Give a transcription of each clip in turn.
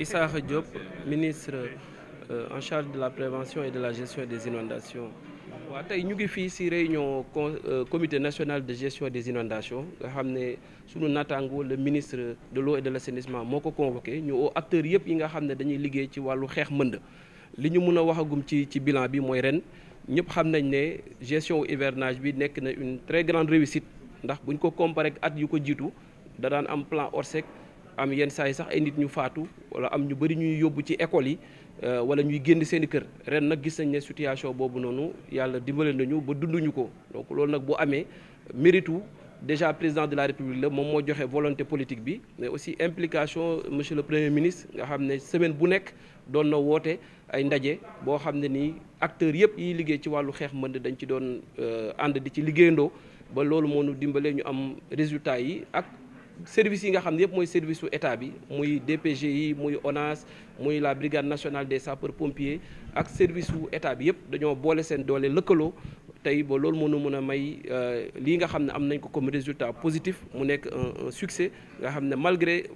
Issakha Diop ministre euh, en charge de la prévention et de la gestion des inondations waaw tey ñu ngi fii ci réunion euh, comité national de gestion des inondations nga xam ne sunu nattaango le ministre de l'eau et de l'assainissement moo ko convoqué ñu oo acteurs yëpp yi nga xam ne dañuy liggéey ci wàllu xeex mbënd li ñu mën a waxagum ci ci bilan bi mooy ren ñëpp xam nañ ne gestion hivernage bi nekk na une très grande réussite ndax buñ ko comparé at yu ko jiitu da daan am plan am yenn saa yi sax ay nit ñu faatu wala am ñu bari ñuy yóbbu ci école yi euh, wala ñuy génn seen i kër ren nag gis nañ ne situation boobu noonu yàlla dimbale nañu ba dunduñu ko donc loolu nag bu amee méritu déjà président de la république la moom moo joxe volonté politique bi mais aussi implication monsieur le premier ministre nga xam ne semaine bu nekk doon na woote ay ndaje boo xam ne nii acteurs yëpp yiy liggéey ci wàllu xeex mën dañ ci doon euh, ànd di ci liggéeyandoo ba loolu moo nu dimbalee ñu am résultat yi service yi nga xam ne yëpp mooy service su état bi muy DPG yi muy ONAS muy la brigade nationale des sapeurs pompiers ak service su état bi yëpp dañoo boole seen doole lëkkaloo tey boo loolu mënu mun a may euh, lii nga xam ne am nañ ko comme résultat positif mu nekk un succès nga xam ne malgré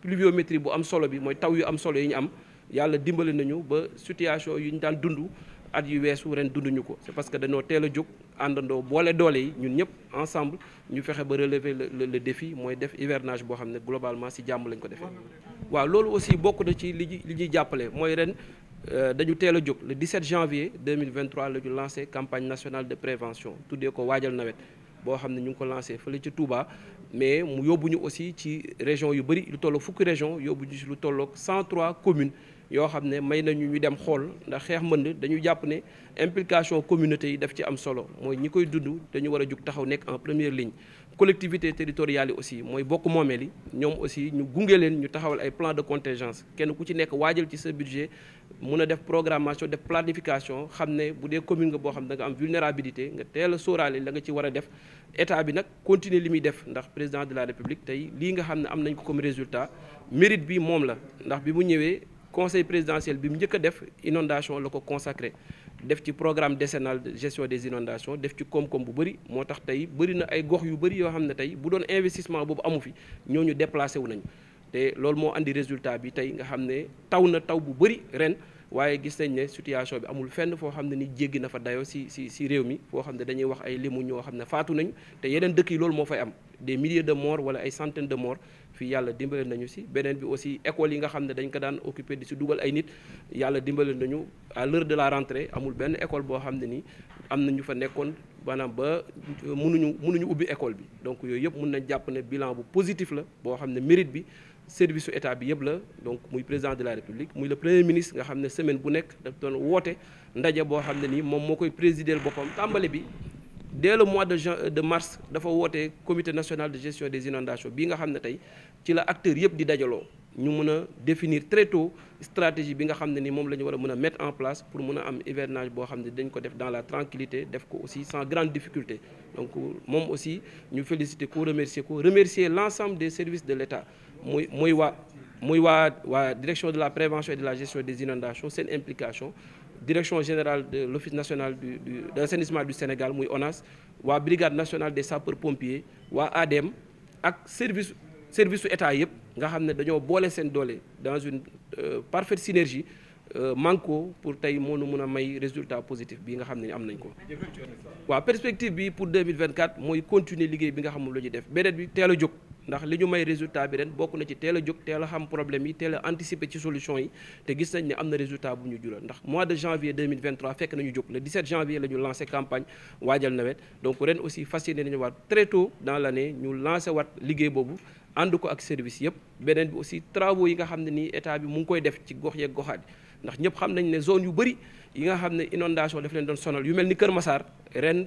pluviométrie bu am solo bi mooy taw yu am solo yi ñu am yàlla dimbali nañu ba situation yu ñu daan dundu at yu weesu ren dunduñu ko c'est parce que dañoo teel a jóg àndandoo boole doole yi ñun ñëpp ensemble ñu fexe ba relever le le défi mooy def hivernage boo xam ne globalement ci jàmm lañ ko defee. waaw loolu aussi bokk na ci li li ñuy jàppale mooy ren euh, dañu teel a jóg le 17 janvier 2023 la ñu campagne nationale de prévention tuddee ko waajal nawet. boo xam ne ñu ngi ko lancé fële ci Touba mais mu yóbbu ñu aussi ci région yu bëri lu tolloog fukki région yóbbu ñu ci lu tolloog 103 communes. yoo xam ne may nañu ñu dem xool ndax xeex mbënd dañu jàpp ne implication communauté yi daf ci am solo mooy ñi koy dund dañu war a jug taxaw nekk en première ligne collectivité territoriale yi aussi mooy bokk moomeel yi ñoom aussi ñu gunge leen ñu taxawal ay plan de contingence kenn ku ci nekk waajal ci sa budget mun a def programmation def planification xam ne bu dee commune nga boo xam ne danga am vulnérabilité nga teel a sóoraale la nga ci war a état bi nag continuer li muy def ndax président de la république tey lii nga xam ne am nañ ko comme résultat mérite bi moom la ndax bi mu ñëwee conseil présidentiel bi mu njëkk def inondation la ko consacré def ci programme décennal de gestion des inondations def ci koom-koom bu bëri moo tax tey bari na ay gox yu bëri yoo xam ne tey bu doon investissement boobu amu fi ñooñu déplacé wu nañu te lool moo indi résultat bi tey nga xam ne taw na taw bu bëri ren waaye gis nañ ne situation bi amul fenn foo xam ne ni jéggi na fa dayoo si si si réew mi foo xam ne dañuy wax ay limu ñoo xam ne faatu nañu te yeneen dëkk yi loolu moo fay am des milliers de morts wala ay centaines de morts yàlla dimbale nañu si beneen bi aussi école yi nga xam ne dañ ko daan occupé di si dugal ay nit yàlla dimbale nañu à l'heure de la rentrée amul benn école boo xam ne ni am na ñu fa nekkoon maanaam ba mënuñu mënuñu ubbi école bi donc yooyu yëpp mun nañ jàpp ne bilan bu positif la boo xam ne mérite bi service état bi yëpp la donc muy président de la république muy le premier ministre nga xam ne semaine bu nekk daf doon woote ndaje boo xam ne nii moom moo koy présider boppam tàmbali bi dès le mois juin de mars dafa woote comité national de gestion des inondations bii nga xam ne tey ci la acteur yëpp di dajaloo ñu mun a définir très tôt stratégie bi nga xam ne ni moom la ñu war a mën a mettre en place pour mun a am hivernage boo xam ne dañ ko def dans la tranquillité def ko aussi sans grande difficulté donc moom aussi ñu féliciter ko remercier ko remercier l'ensemble des service de l'État muy muy waa muy waa waa direction de la prévention et de la gestion des inondations seen implication direction général de l'office national du du d'assainissement Sénégal muy ONAS waa brigade nationale des sapeurs pompiers waa ADEM ak service service su état yëpp nga xam ne dañoo boole seen doole dans une euh, parfaite synergie euh, manko pour tey moonu mun a may résultat positif bi nga xam ne am nañ ko. waaw perspective bi pour 2024 mooy continuer liggéey bi nga xam moom la def beneen bi teel a jóg. ndax li ñu may résultat bi ren bokk na ci teel a jóg teel a xam problème yi teel a anticiper ci solution yi te gis nañ ne am na résultat bu ñu jural ndax mois de janvier 2023 fekk nañu jóg le 17 janvier la ñu lancé waajal nawet donc ren aussi fasciné nañu waat très tôt dans l' année ñu lancé wat liggéey boobu ànd ko ak service yëpp beneen bi aussi travaux yi nga xam ne nii état bi mu ngi koy def ci gox yeeg goxaat ndax ñëpp xam nañ ne zone yu bëri yi nga xam ne inondation daf leen doon sonal yu mel ni Kër Massar ren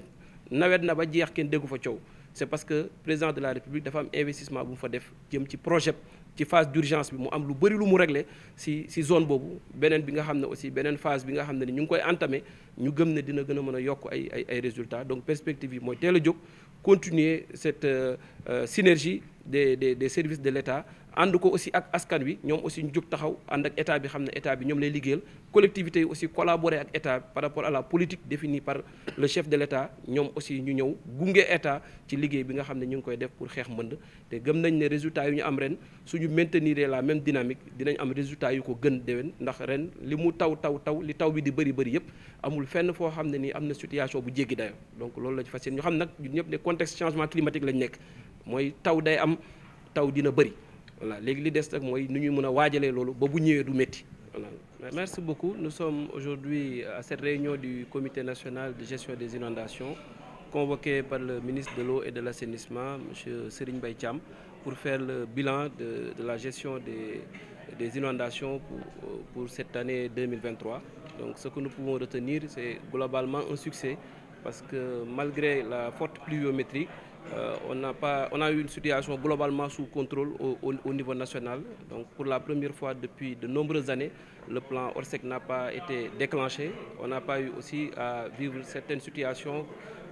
nawet na ba jeex kenn déggu fa coow c'est parce que président de la république dafa am investissement bu mu fa def jëm ci projet ci phase d'urgence bi mu am lu bëri lu mu régler si si zone boobu beneen bi nga xam ne aussi beneen phase bi nga xam ne ni ñu ngi koy entame ñu gëm ne dina gën a mën a yokk ay ay ay résultats donc perspective yi mooy teel a jóg continuer cette euh, euh, synergie de des des services de l'État ànd ko aussi ak askan wi ñoom aussi ñu jóg taxaw ànd ak état bi xam ne etat bi ñoom lay liggéeyal collectivités yi aussi collaborer ak état par rapport à la politique définie par le chef de l'État ñoom aussi ñu ñëw gunge état ci liggéey bi nga xam ne ñu ngi koy def pour xeex mbënd te gëm nañ ne résultat yu ñu am ren suñu maintenir la même dynamique dinañ am résultat yu ko gën déwén ndax ren li mu taw taw taw li taw bi di bëri bëri yëpp amul fenn foo xam ne nii am na situation bu jéggi dayo donc loolu la ñu fas yéene ñu xam nag ñun nekk mooy taw day am taw dina bëri voilà léegi li des nag mooy nu ñuy mun a waajalee loolu ba bu ñëwee du métti voilà. merci beaucoup nous sommes aujourd'hui à cette réunion du comité national de gestion des inondations convoqué par le ministre de l'eau et de l'assainissement monsieur Serigne bay Thiam pour faire le bilan de la gestion des des inondations pour pour cette année 2023 donc ce que nous pouvons retenir c'est globalement un succès parce que malgré la forte pluviométrie Euh, on, a eu une situation globalement sous contrôle au, au, au, niveau national. Donc pour la première fois depuis de nombreuses années, le plan Orsec n'a pas été déclenché. On n'a aussi à vivre certaines situations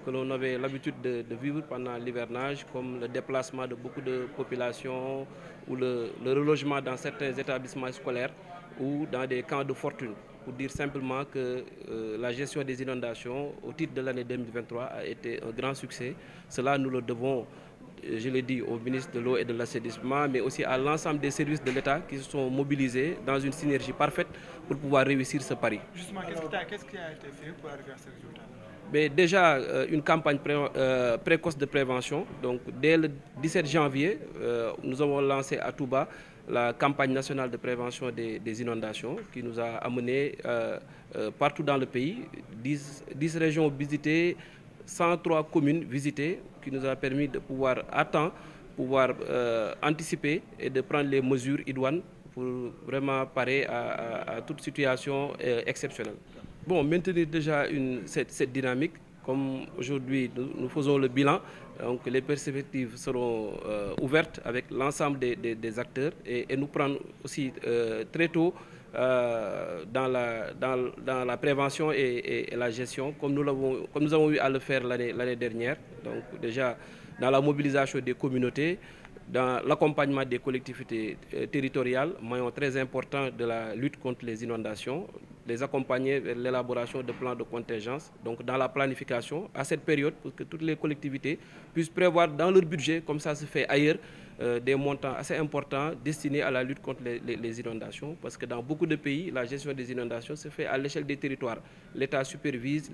que l'on avait l'habitude de, de, vivre pendant l'hivernage, comme le déplacement de beaucoup de population ou le, le relogement dans certains établissements scolaires ou dans des camps de fortune. pour dire simplement que euh, la gestion des inondations au titre de l'année 2023 a été un grand succès. Cela, nous le devons, euh, je l'ai au ministre de l'eau et de l'assainissement, mais aussi à l'ensemble des services de l'État mais déjà euh, une campagne pré euh, de prévention. Donc dès le 17 janvier, euh, nous avons à Touba la campagne nationale de prévention des, des inondations qui nous a amené euh, euh, partout dans le pays, 10, 10, régions visitées, 103 communes visitées, qui nous a permis de pouvoir à temps, pouvoir euh, anticiper et de prendre les mesures idoines pour vraiment parer à, à, à toute situation euh, exceptionnelle. Bon, maintenir déjà une, cette, cette dynamique Comme aujourd'hui, nous, nous, faisons le bilan, donc les perspectives seront euh, ouvertes avec l'ensemble des, des, des, acteurs et, et, nous prendre aussi euh, très tôt euh, dans, la, dans, dans, la prévention et, et, et la gestion, comme nous, avons, comme nous avons eu à le faire l'année dernière. Donc déjà, dans la mobilisation des communautés, dans l'accompagnement des collectivités euh, territoriales, maillon très important de la lutte contre les inondations, les accompagner vers l'élaboration de plans de contingence, donc dans la planification à cette période pour que toutes puissent prévoir dans leur budget, comme ça se fait ailleurs, euh, des montants assez importants destinés à la lutte contre les, inondations, parce que dans beaucoup de pays, la gestion des inondations se fait à l'échelle des territoires. L'État supervise,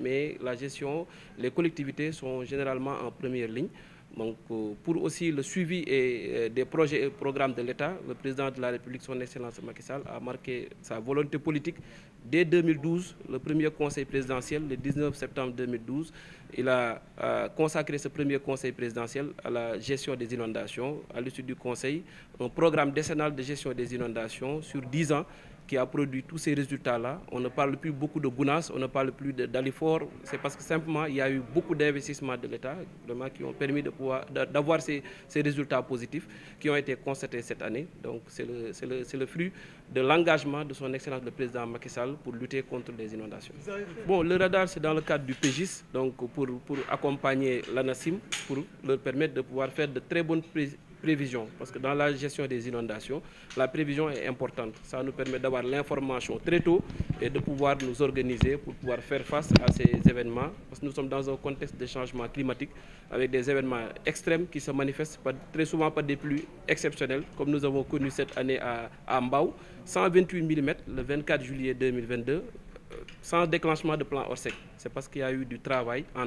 mais la gestion, les collectivités sont généralement en première ligne. donc euh, pour aussi le suivi et euh, des projets et programmes de l'État le président de la République son excellence Macky Sall a marqué sa volonté politique dès 2012 le premier conseil présidentiel le 19 septembre 2012 il a euh, consacré ce premier conseil présidentiel à la gestion des inondations à l'issue du conseil un programme décennal de gestion des inondations sur 10 ans qui a produit tous ces résultats-là. On ne parle plus beaucoup de Gounas, on ne parle plus d'Alifor. C'est parce que simplement, il y a eu beaucoup d'investissements de l'État qui ont permis d'avoir ces, résultats positifs qui ont été constatés cette année. c'est le, fruit de l'engagement de son Excellence le Président Macky pour lutter contre les inondations. le radar, c'est dans le cadre du PGIS, pour, accompagner l'ANASIM, pour leur permettre de pouvoir prévision, parce que dans la gestion des inondations, la prévision est importante. Ça nous permet d'avoir pour pouvoir faire face à ces événements, parce que nous climatique avec des événements extrêmes qui se manifestent par, très souvent par des pluies exceptionnelles, comme nous avons connu cette année à, à Mbao, 128 mm le 24 juillet 2022, euh, sans déclenchement a du travail en